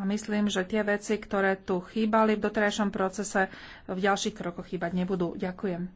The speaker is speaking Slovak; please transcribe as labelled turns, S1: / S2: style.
S1: A myslím, že tie veci, ktoré tu chýbali v doterajšom procese, v ďalších krokoch chýbať nebudú. Ďakujem.